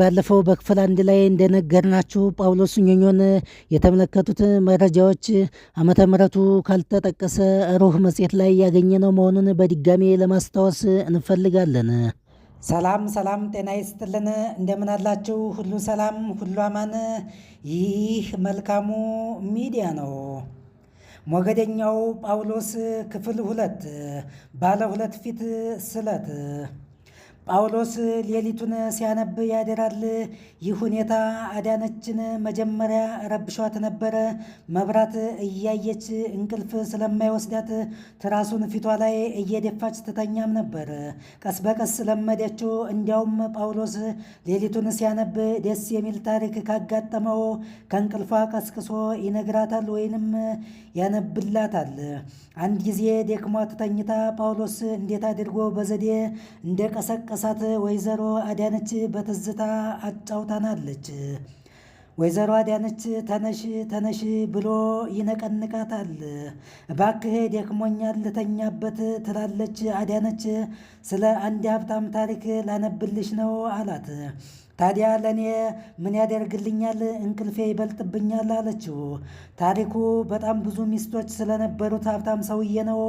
ባለፈው በክፍል አንድ ላይ እንደነገርናችሁ ጳውሎስ ኞኞን የተመለከቱት መረጃዎች ዓመተ ምሕረቱ ካልተጠቀሰ ሩህ መጽሔት ላይ ያገኘነው መሆኑን በድጋሜ ለማስታወስ እንፈልጋለን። ሰላም ሰላም፣ ጤና ይስጥልን። እንደምን አላችሁ? ሁሉ ሰላም፣ ሁሉ አማን። ይህ መልካሙ ሚዲያ ነው። ሞገደኛው ጳውሎስ ክፍል ሁለት ባለ ሁለት ፊት ስለት ጳውሎስ ሌሊቱን ሲያነብ ያደራል። ይህ ሁኔታ አዳነችን። መጀመሪያ ረብሿት ነበረ። መብራት እያየች እንቅልፍ ስለማይወስዳት ትራሱን ፊቷ ላይ እየደፋች ትተኛም ነበር። ቀስ በቀስ ለመደችው። እንዲያውም ጳውሎስ ሌሊቱን ሲያነብ ደስ የሚል ታሪክ ካጋጠመው ከእንቅልፏ ቀስቅሶ ይነግራታል ወይንም ያነብላታል። አንድ ጊዜ ደክሟት ተኝታ ጳውሎስ እንዴት አድርጎ በዘዴ እንደቀሰቀ የምትጠቀሳት ወይዘሮ አዳነች በትዝታ አጫውታናለች። ወይዘሮ አዳነች ተነሽ ተነሽ ብሎ ይነቀንቃታል። እባክህ ደክሞኛል ልተኛበት ትላለች። አዳነች ስለ አንድ ሀብታም ታሪክ ላነብልሽ ነው አላት። ታዲያ ለእኔ ምን ያደርግልኛል እንቅልፌ ይበልጥብኛል አለችው። ታሪኩ በጣም ብዙ ሚስቶች ስለነበሩት ሀብታም ሰውዬ ነው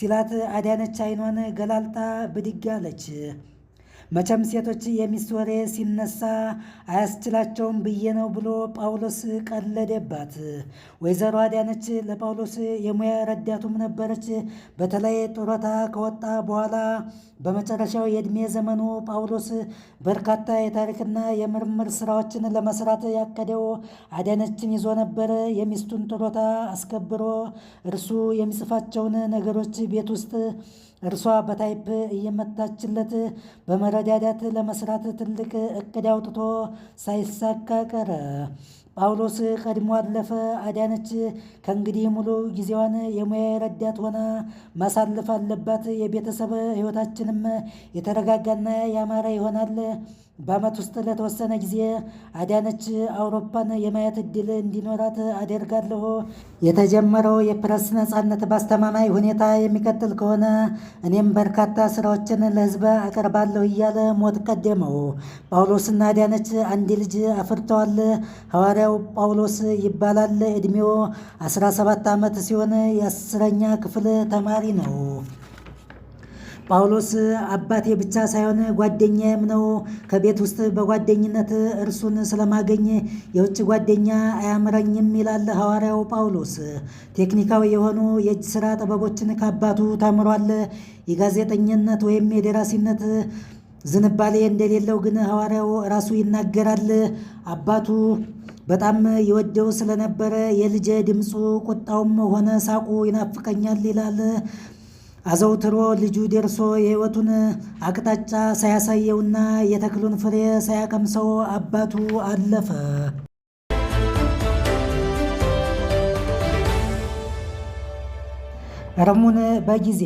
ሲላት አዳነች አይኗን ገላልጣ ብድግ አለች። መቼም ሴቶች የሚስት ወሬ ሲነሳ አያስችላቸውም ብዬ ነው ብሎ ጳውሎስ ቀለደባት። ወይዘሮ አዳነች ለጳውሎስ የሙያ ረዳቱም ነበረች። በተለይ ጡረታ ከወጣ በኋላ በመጨረሻው የዕድሜ ዘመኑ ጳውሎስ በርካታ የታሪክና የምርምር ስራዎችን ለመስራት ያቀደው አዳነችን ይዞ ነበር። የሚስቱን ጡረታ አስከብሮ እርሱ የሚጽፋቸውን ነገሮች ቤት ውስጥ እርሷ በታይፕ እየመታችለት በመረ መረዳዳት ለመስራት ትልቅ እቅድ አውጥቶ ሳይሳካ ቀረ። ጳውሎስ ቀድሞ አለፈ። አዳነች ከእንግዲህ ሙሉ ጊዜዋን የሙያ ረዳት ሆና ማሳለፍ አለባት። የቤተሰብ ሕይወታችንም የተረጋጋና ያማረ ይሆናል። በዓመት ውስጥ ለተወሰነ ጊዜ አዳነች አውሮፓን የማየት እድል እንዲኖራት አደርጋለሁ። የተጀመረው የፕረስ ነጻነት በአስተማማኝ ሁኔታ የሚቀጥል ከሆነ እኔም በርካታ ስራዎችን ለህዝብ አቀርባለሁ እያለ ሞት ቀደመው። ጳውሎስና አዳነች አንድ ልጅ አፍርተዋል። ሐዋርያ ሐዋርያው ጳውሎስ ይባላል። ዕድሜው 17 ዓመት ሲሆን የአስረኛ ክፍል ተማሪ ነው። ጳውሎስ አባቴ ብቻ ሳይሆን ጓደኛዬም ነው። ከቤት ውስጥ በጓደኝነት እርሱን ስለማገኝ የውጭ ጓደኛ አያምረኝም ይላል ሐዋርያው ጳውሎስ። ቴክኒካዊ የሆኑ የእጅ ሥራ ጥበቦችን ከአባቱ ተምሯል። የጋዜጠኝነት ወይም የደራሲነት ዝንባሌ እንደሌለው ግን ሐዋርያው ራሱ ይናገራል። አባቱ በጣም የወደው ስለነበረ የልጄ ድምፁ ቁጣውም ሆነ ሳቁ ይናፍቀኛል ይላል። አዘውትሮ ልጁ ደርሶ የሕይወቱን አቅጣጫ ሳያሳየውና የተክሉን ፍሬ ሳያቀምሰው አባቱ አለፈ። ረሙን በጊዜ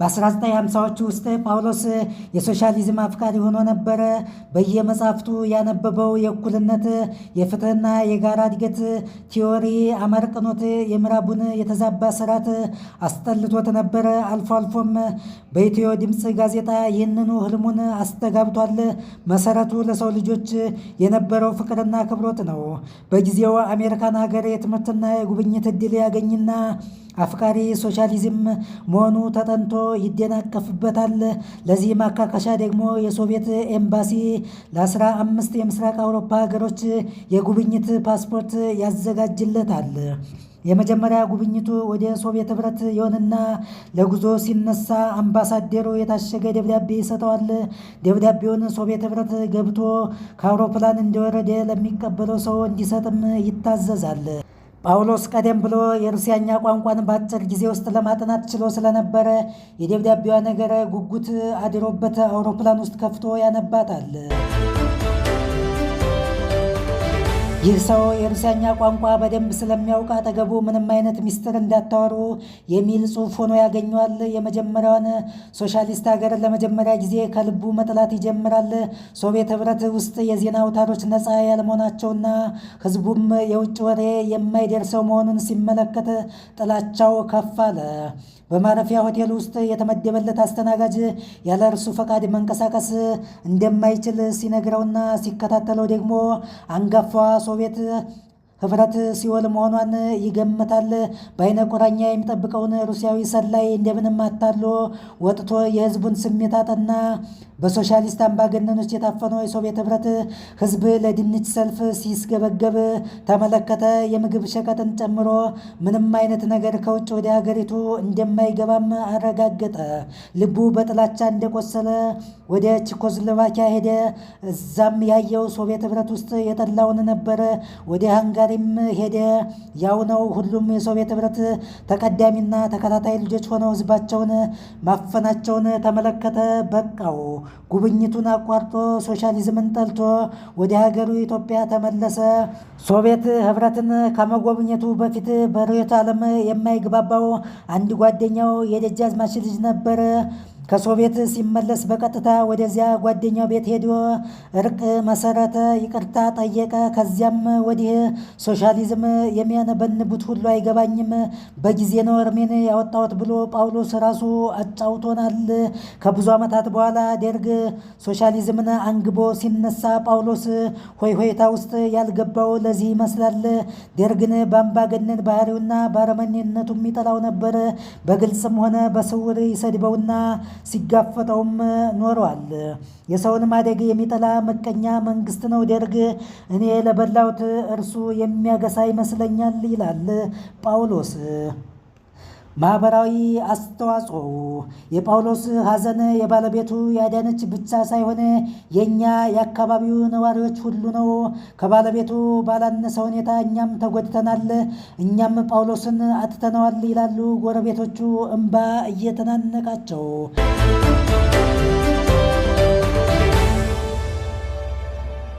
በ1950ዎቹ ውስጥ ጳውሎስ የሶሻሊዝም አፍቃሪ ሆኖ ነበረ። በየመጻሕፍቱ ያነበበው የእኩልነት የፍትህና የጋራ እድገት ቲዎሪ አመርቅኖት የምዕራቡን የተዛባ ስርዓት አስጠልቶት ነበረ። አልፎ አልፎም በኢትዮ ድምፅ ጋዜጣ ይህንኑ ህልሙን አስተጋብቷል። መሰረቱ ለሰው ልጆች የነበረው ፍቅርና አክብሮት ነው። በጊዜው አሜሪካን ሀገር የትምህርትና የጉብኝት እድል ያገኝና አፍቃሪ ሶሻሊዝም መሆኑ ተጠንቶ ይደናቀፍበታል። ለዚህ ማካካሻ ደግሞ የሶቪየት ኤምባሲ ለአስራ አምስት የምስራቅ አውሮፓ ሀገሮች የጉብኝት ፓስፖርት ያዘጋጅለታል። የመጀመሪያ ጉብኝቱ ወደ ሶቪየት ህብረት ይሆንና ለጉዞ ሲነሳ አምባሳደሩ የታሸገ ደብዳቤ ይሰጠዋል። ደብዳቤውን ሶቪየት ህብረት ገብቶ ከአውሮፕላን እንደወረደ ለሚቀበለው ሰው እንዲሰጥም ይታዘዛል። ጳውሎስ ቀደም ብሎ የሩሲያኛ ቋንቋን በአጭር ጊዜ ውስጥ ለማጥናት ችሎ ስለነበረ የደብዳቤዋ ነገር ጉጉት አድሮበት አውሮፕላን ውስጥ ከፍቶ ያነባታል። ይህ ሰው የሩሲያኛ ቋንቋ በደንብ ስለሚያውቅ አጠገቡ ምንም አይነት ሚስጥር እንዳታወሩ የሚል ጽሑፍ ሆኖ ያገኘዋል። የመጀመሪያውን ሶሻሊስት ሀገር ለመጀመሪያ ጊዜ ከልቡ መጥላት ይጀምራል። ሶቪየት ህብረት ውስጥ የዜና አውታሮች ነፃ ያለመሆናቸውና ህዝቡም የውጭ ወሬ የማይደርሰው መሆኑን ሲመለከት ጥላቻው ከፍ አለ። በማረፊያ ሆቴል ውስጥ የተመደበለት አስተናጋጅ ያለ እርሱ ፈቃድ መንቀሳቀስ እንደማይችል ሲነግረውና ሲከታተለው ደግሞ አንጋፋ ሶቪየት ህፍረት ሲኦል መሆኗን ይገምታል። በአይነ ቁራኛ የሚጠብቀውን ሩሲያዊ ሰላይ እንደምንም አታሎ ወጥቶ የህዝቡን ስሜት አጠና። በሶሻሊስት አምባገነኖች የታፈነው የሶቪየት ህብረት ህዝብ ለድንች ሰልፍ ሲስገበገብ ተመለከተ። የምግብ ሸቀጥን ጨምሮ ምንም አይነት ነገር ከውጭ ወደ ሀገሪቱ እንደማይገባም አረጋገጠ። ልቡ በጥላቻ እንደቆሰለ ወደ ቼኮስሎቫኪያ ሄደ። እዛም ያየው ሶቪየት ህብረት ውስጥ የጠላውን ነበረ። ወደ ሃንጋሪ ፈጣሪም ሄደ። ያው ነው። ሁሉም የሶቪየት ህብረት ተቀዳሚና ተከታታይ ልጆች ሆነው ህዝባቸውን ማፈናቸውን ተመለከተ። በቃው። ጉብኝቱን አቋርጦ ሶሻሊዝምን ጠልቶ ወደ ሀገሩ ኢትዮጵያ ተመለሰ። ሶቪየት ህብረትን ከመጎብኘቱ በፊት በርዕዮተ ዓለም የማይግባባው አንድ ጓደኛው የደጃዝማች ልጅ ነበር። ከሶቪየት ሲመለስ በቀጥታ ወደዚያ ጓደኛው ቤት ሄዶ እርቅ መሰረተ፣ ይቅርታ ጠየቀ። ከዚያም ወዲህ ሶሻሊዝም የሚያነበንቡት ሁሉ አይገባኝም፣ በጊዜ ነው እርሜን ያወጣሁት ብሎ ጳውሎስ ራሱ አጫውቶናል። ከብዙ ዓመታት በኋላ ደርግ ሶሻሊዝምን አንግቦ ሲነሳ ጳውሎስ ሆይ ሆይታ ውስጥ ያልገባው ለዚህ ይመስላል። ደርግን በአምባገነን ባህሪውና ባረመኔነቱ የሚጠላው ነበር። በግልጽም ሆነ በስውር ይሰድበውና ሲጋፈጠውም ኖሯል። የሰውን ማደግ የሚጠላ መቀኛ መንግስት ነው ደርግ። እኔ ለበላሁት እርሱ የሚያገሳ ይመስለኛል ይላል ጳውሎስ። ማኅበራዊ አስተዋጽኦ የጳውሎስ ሐዘን የባለቤቱ ያዳነች ብቻ ሳይሆን የእኛ የአካባቢው ነዋሪዎች ሁሉ ነው። ከባለቤቱ ባላነሰ ሁኔታ እኛም ተጎድተናል፣ እኛም ጳውሎስን አጥተነዋል ይላሉ ጎረቤቶቹ እምባ እየተናነቃቸው።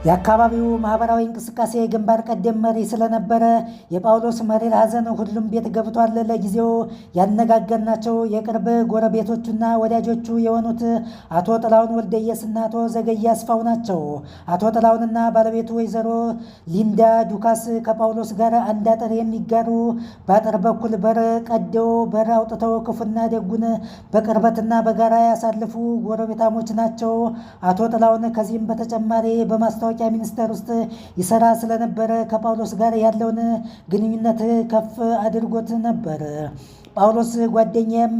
የአካባቢው ማህበራዊ እንቅስቃሴ ግንባር ቀደም መሪ ስለነበረ የጳውሎስ መሪር ሐዘን ሁሉም ቤት ገብቷል። ለጊዜው ያነጋገርናቸው የቅርብ ጎረቤቶቹና ወዳጆቹ የሆኑት አቶ ጥላሁን ወልደየስና አቶ ዘገየ አስፋው ናቸው። አቶ ጥላሁንና ባለቤቱ ወይዘሮ ሊንዳ ዱካስ ከጳውሎስ ጋር አንድ አጥር የሚጋሩ በአጥር በኩል በር ቀደው በር አውጥተው ክፉና ደጉን በቅርበትና በጋራ ያሳልፉ ጎረቤታሞች ናቸው። አቶ ጥላሁን ከዚህም በተጨማሪ በማስታወ ማስታወቂያ ሚኒስቴር ውስጥ ይሰራ ስለነበረ ከጳውሎስ ጋር ያለውን ግንኙነት ከፍ አድርጎት ነበር። ጳውሎስ ጓደኛም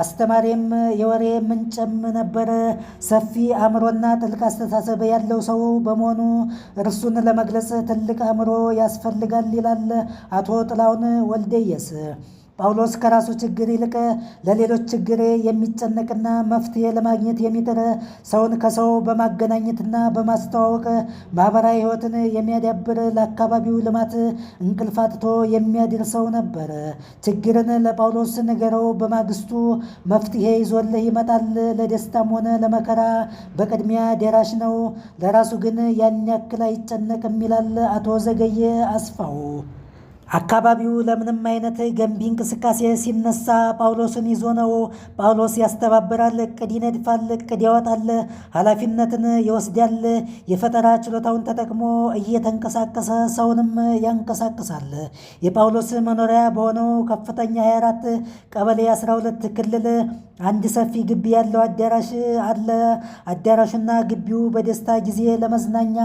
አስተማሪም የወሬ ምንጭም ነበር። ሰፊ አእምሮና ጥልቅ አስተሳሰብ ያለው ሰው በመሆኑ እርሱን ለመግለጽ ትልቅ አእምሮ ያስፈልጋል ይላል አቶ ጥላሁን ወልደየስ። ጳውሎስ ከራሱ ችግር ይልቅ ለሌሎች ችግር የሚጨነቅና መፍትሄ ለማግኘት የሚጥር ሰውን ከሰው በማገናኘትና በማስተዋወቅ ማህበራዊ ህይወትን የሚያዳብር ለአካባቢው ልማት እንቅልፍ አጥቶ የሚያድር ሰው ነበር። ችግርን ለጳውሎስ ንገረው፣ በማግስቱ መፍትሄ ይዞልህ ይመጣል። ለደስታም ሆነ ለመከራ በቅድሚያ ደራሽ ነው፣ ለራሱ ግን ያን ያክል አይጨነቅም ይላል አቶ ዘገየ አስፋው። አካባቢው ለምንም አይነት ገንቢ እንቅስቃሴ ሲነሳ ጳውሎስን ይዞ ነው። ጳውሎስ ያስተባብራል፣ እቅድ ይነድፋል፣ እቅድ ያወጣል፣ ኃላፊነትን ይወስዳል። የፈጠራ ችሎታውን ተጠቅሞ እየተንቀሳቀሰ ሰውንም ያንቀሳቅሳል። የጳውሎስ መኖሪያ በሆነው ከፍተኛ 24 ቀበሌ 12 ክልል አንድ ሰፊ ግቢ ያለው አዳራሽ አለ። አዳራሹና ግቢው በደስታ ጊዜ ለመዝናኛ፣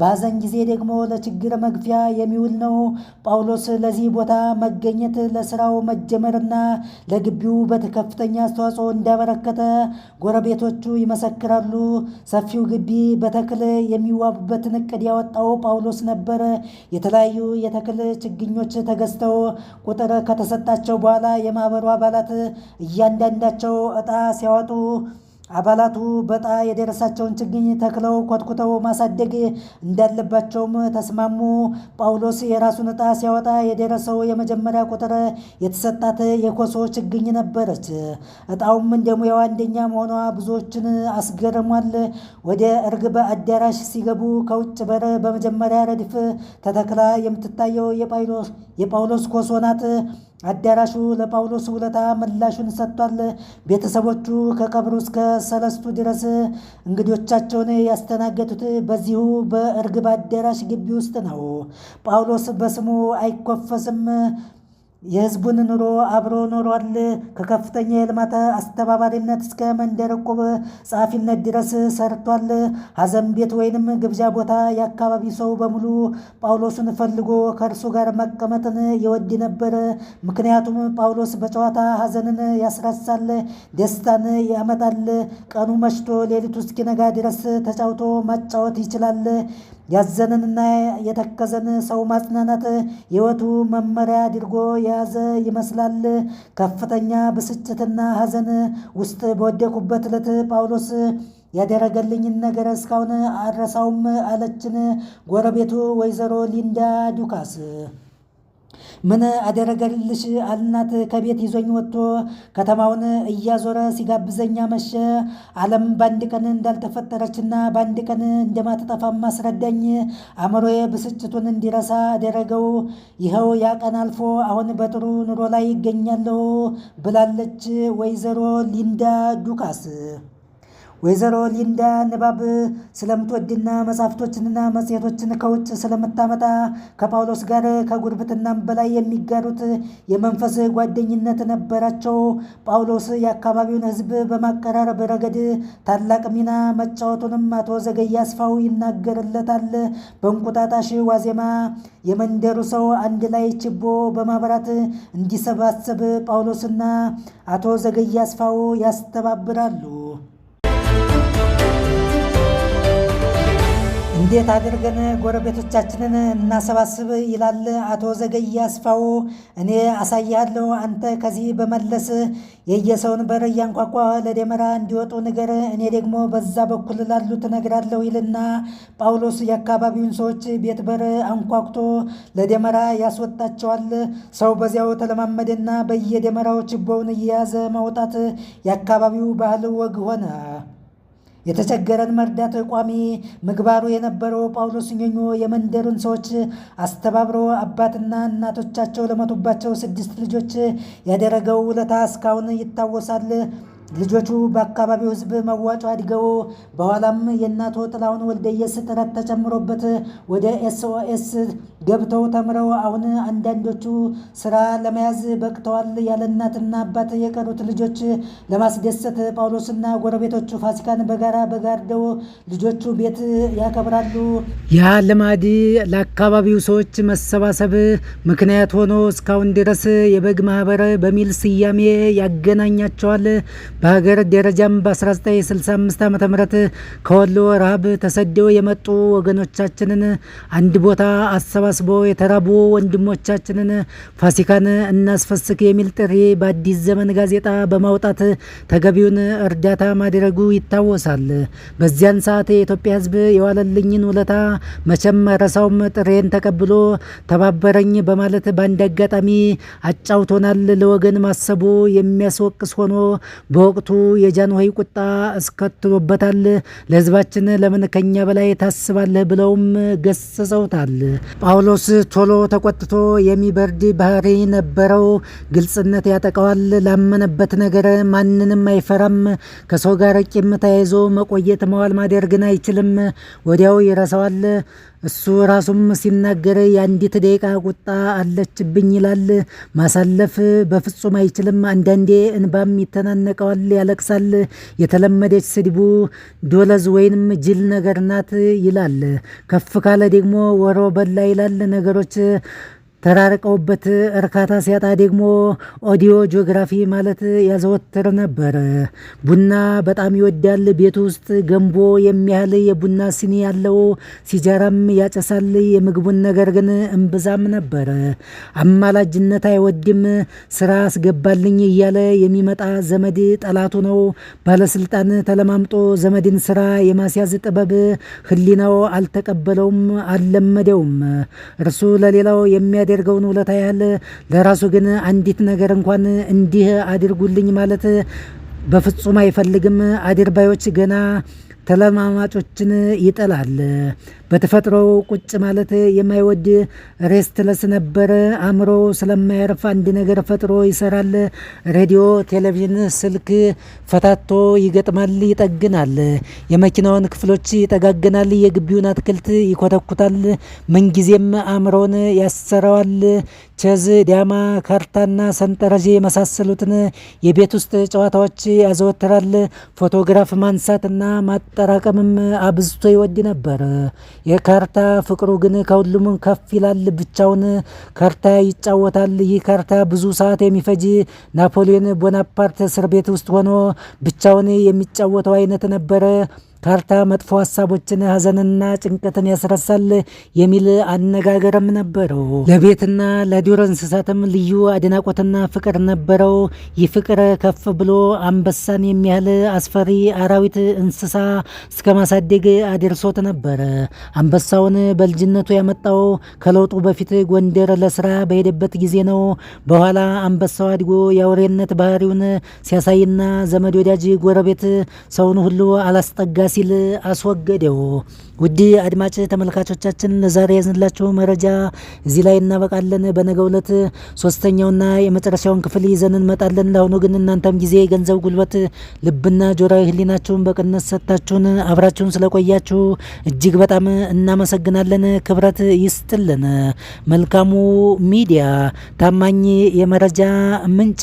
በሐዘን ጊዜ ደግሞ ለችግር መግፊያ የሚውል ነው። ጳውሎስ ለዚህ ቦታ መገኘት ለስራው መጀመርና ለግቢው በከፍተኛ አስተዋጽኦ እንዳበረከተ ጎረቤቶቹ ይመሰክራሉ። ሰፊው ግቢ በተክል የሚዋቡበትን እቅድ ያወጣው ጳውሎስ ነበር። የተለያዩ የተክል ችግኞች ተገዝተው ቁጥር ከተሰጣቸው በኋላ የማህበሩ አባላት እያንዳንዳቸው ለልጃቸው እጣ ሲያወጡ አባላቱ በጣ የደረሳቸውን ችግኝ ተክለው ኮትኩተው ማሳደግ እንዳለባቸውም ተስማሙ። ጳውሎስ የራሱን እጣ ሲያወጣ የደረሰው የመጀመሪያ ቁጥር የተሰጣት የኮሶ ችግኝ ነበረች። እጣውም እንደ አንደኛ መሆኗ ብዙዎችን አስገርሟል። ወደ እርግብ አዳራሽ ሲገቡ ከውጭ በር በመጀመሪያ ረድፍ ተተክላ የምትታየው የጳውሎስ ኮሶ ናት። አዳራሹ ለጳውሎስ ውለታ ምላሹን ሰጥቷል። ቤተሰቦቹ ከቀብሩ እስከ ሰለስቱ ድረስ እንግዶቻቸውን ያስተናገዱት በዚሁ በእርግብ አዳራሽ ግቢ ውስጥ ነው። ጳውሎስ በስሙ አይኮፈስም። የህዝቡን ኑሮ አብሮ ኖሯል። ከከፍተኛ የልማት አስተባባሪነት እስከ መንደር እቁብ ጸሐፊነት ድረስ ሰርቷል። ሀዘን ቤት ወይንም ግብዣ ቦታ የአካባቢው ሰው በሙሉ ጳውሎስን ፈልጎ ከእርሱ ጋር መቀመጥን ይወድ ነበር። ምክንያቱም ጳውሎስ በጨዋታ ሀዘንን ያስረሳል፣ ደስታን ያመጣል። ቀኑ መሽቶ ሌሊቱ እስኪነጋ ድረስ ተጫውቶ መጫወት ይችላል። ያዘነንና የተከዘን ሰው ማጽናናት የሕይወቱ መመሪያ አድርጎ የያዘ ይመስላል። ከፍተኛ ብስጭትና ሐዘን ውስጥ በወደቁበት ዕለት ጳውሎስ ያደረገልኝን ነገር እስካሁን አረሳውም አለችን ጎረቤቱ ወይዘሮ ሊንዳ ዱካስ። ምን አደረገልሽ አልናት። ከቤት ይዞኝ ወጥቶ ከተማውን እያዞረ ሲጋብዘኛ መሸ። ዓለም በአንድ ቀን እንዳልተፈጠረችና በአንድ ቀን እንደማትጠፋም አስረዳኝ። አእምሮዬ ብስጭቱን እንዲረሳ አደረገው። ይኸው ያ ቀን አልፎ አሁን በጥሩ ኑሮ ላይ ይገኛለሁ ብላለች ወይዘሮ ሊንዳ ዱካስ። ወይዘሮ ሊንዳ ንባብ ስለምትወድና መጽሐፍቶችንና መጽሔቶችን ከውጭ ስለምታመጣ ከጳውሎስ ጋር ከጉርብትናም በላይ የሚጋሩት የመንፈስ ጓደኝነት ነበራቸው። ጳውሎስ የአካባቢውን ሕዝብ በማቀራረብ ረገድ ታላቅ ሚና መጫወቱንም አቶ ዘገየ አስፋው ይናገርለታል። በእንቁጣጣሽ ዋዜማ የመንደሩ ሰው አንድ ላይ ችቦ በማብራት እንዲሰባሰብ ጳውሎስና አቶ ዘገየ አስፋው ያስተባብራሉ። እንዴት አድርገን ጎረቤቶቻችንን እናሰባስብ ይላል አቶ ዘገየ አስፋው። እኔ አሳያለሁ አንተ ከዚህ በመለስ የየሰውን በር እያንኳኳ ለደመራ እንዲወጡ ንገር፣ እኔ ደግሞ በዛ በኩል ላሉት እነግራለሁ ይልና ጳውሎስ የአካባቢውን ሰዎች ቤት በር አንኳኩቶ ለደመራ ያስወጣቸዋል። ሰው በዚያው ተለማመደና በየደመራው ችቦውን እየያዘ ማውጣት የአካባቢው ባህል ወግ ሆነ። የተቸገረን መርዳት ቋሚ ምግባሩ የነበረው ጳውሎስ ኞኞ የመንደሩን ሰዎች አስተባብሮ አባትና እናቶቻቸው ለመቱባቸው ስድስት ልጆች ያደረገው ውለታ እስካሁን ይታወሳል። ልጆቹ በአካባቢው ሕዝብ መዋጮ አድገው በኋላም የእናቶ ጥላሁን ወልደየስ ጥረት ተጨምሮበት ወደ ኤስኦኤስ ገብተው ተምረው አሁን አንዳንዶቹ ስራ ለመያዝ በቅተዋል። ያለ እናትና አባት የቀሩት ልጆች ለማስደሰት ጳውሎስና ጎረቤቶቹ ፋሲካን በጋራ በጋርደው ልጆቹ ቤት ያከብራሉ። ያ ልማድ ለአካባቢው ሰዎች መሰባሰብ ምክንያት ሆኖ እስካሁን ድረስ የበግ ማህበር በሚል ስያሜ ያገናኛቸዋል። በሀገር ደረጃም በ1965 ዓ ም ከወሎ ረሃብ ተሰደው የመጡ ወገኖቻችንን አንድ ቦታ አሰባስቦ የተራቡ ወንድሞቻችንን ፋሲካን እናስፈስክ የሚል ጥሪ በአዲስ ዘመን ጋዜጣ በማውጣት ተገቢውን እርዳታ ማድረጉ ይታወሳል። በዚያን ሰዓት የኢትዮጵያ ሕዝብ የዋለልኝን ውለታ መቼም ረሳውም። ጥሬን ተቀብሎ ተባበረኝ በማለት በአንድ አጋጣሚ አጫውቶናል። ለወገን ማሰቡ የሚያስወቅስ ሆኖ በወቅቱ የጃንሆይ ቁጣ አስከትሎበታል። ለህዝባችን ለምን ከኛ በላይ ታስባለህ ብለውም ገስጸውታል። ጳውሎስ ቶሎ ተቆጥቶ የሚበርድ ባህሪ ነበረው። ግልጽነት ያጠቃዋል። ላመነበት ነገር ማንንም አይፈራም። ከሰው ጋር ቂም ተያይዞ መቆየት መዋል ማደርግን አይችልም። ወዲያው ይረሳዋል። እሱ ራሱም ሲናገር የአንዲት ደቂቃ ቁጣ አለችብኝ ይላል። ማሳለፍ በፍጹም አይችልም። አንዳንዴ እንባም ይተናነቀዋል፣ ያለቅሳል። የተለመደች ስድቡ ዶለዝ ወይንም ጅል ነገር ናት ይላል። ከፍ ካለ ደግሞ ወሮ በላ ይላል። ነገሮች ተራርቀውበት እርካታ ሲያጣ ደግሞ ኦዲዮ ጂኦግራፊ ማለት ያዘወትር ነበር። ቡና በጣም ይወዳል። ቤቱ ውስጥ ገንቦ የሚያህል የቡና ሲኒ ያለው ሲጃራም ያጨሳል። የምግቡን ነገር ግን እምብዛም ነበር። አማላጅነት አይወድም። ስራ አስገባልኝ እያለ የሚመጣ ዘመድ ጠላቱ ነው። ባለስልጣን ተለማምጦ ዘመድን ስራ የማስያዝ ጥበብ ህሊናው አልተቀበለውም፣ አልለመደውም። እርሱ ለሌላው የሚያ የሚያደርገውን ውለታ ያህል ለራሱ ግን አንዲት ነገር እንኳን እንዲህ አድርጉልኝ ማለት በፍጹም አይፈልግም። አድርባዮች ገና ተለማማጮችን ይጠላል። በተፈጥሮ ቁጭ ማለት የማይወድ ሬስትለስ ነበር አእምሮ ስለማያርፍ አንድ ነገር ፈጥሮ ይሰራል። ሬዲዮ፣ ቴሌቪዥን፣ ስልክ ፈታቶ ይገጥማል፣ ይጠግናል። የመኪናውን ክፍሎች ይጠጋግናል። የግቢውን አትክልት ይኮተኩታል። ምንጊዜም አእምሮን ያሰራዋል። ቼዝ፣ ዳማ፣ ካርታና ሰንጠረዥ የመሳሰሉትን የቤት ውስጥ ጨዋታዎች ያዘወትራል። ፎቶግራፍ ማንሳትና ማጠራቀምም አብዝቶ ይወድ ነበር። የካርታ ፍቅሩ ግን ከሁሉም ከፍ ይላል። ብቻውን ካርታ ይጫወታል። ይህ ካርታ ብዙ ሰዓት የሚፈጅ ናፖሊዮን ቦናፓርት እስር ቤት ውስጥ ሆኖ ብቻውን የሚጫወተው አይነት ነበረ። ካርታ መጥፎ ሀሳቦችን፣ ሀዘንና ጭንቀትን ያስረሳል የሚል አነጋገርም ነበረው። ለቤትና ለዱር እንስሳትም ልዩ አድናቆትና ፍቅር ነበረው። ይህ ፍቅር ከፍ ብሎ አንበሳን የሚያህል አስፈሪ አራዊት እንስሳ እስከ ማሳደግ አድርሶት ነበር። አንበሳውን በልጅነቱ ያመጣው ከለውጡ በፊት ጎንደር ለስራ በሄደበት ጊዜ ነው። በኋላ አንበሳው አድጎ የአውሬነት ባህሪውን ሲያሳይና ዘመድ ወዳጅ፣ ጎረቤት ሰውን ሁሉ አላስጠጋ ሲል አስወገደው። ውድ አድማጭ ተመልካቾቻችን ዛሬ ያዝንላቸው መረጃ እዚህ ላይ እናበቃለን። በነገው ዕለት ሶስተኛውና የመጨረሻውን ክፍል ይዘን እንመጣለን። ለአሁኑ ግን እናንተም ጊዜ፣ ገንዘብ፣ ጉልበት፣ ልብና ጆሮዊ ህሊናችሁን በቅንነት ሰጥታችሁን አብራችሁን ስለቆያችሁ እጅግ በጣም እናመሰግናለን። ክብረት ይስጥልን። መልካሙ ሚዲያ ታማኝ የመረጃ ምንጭ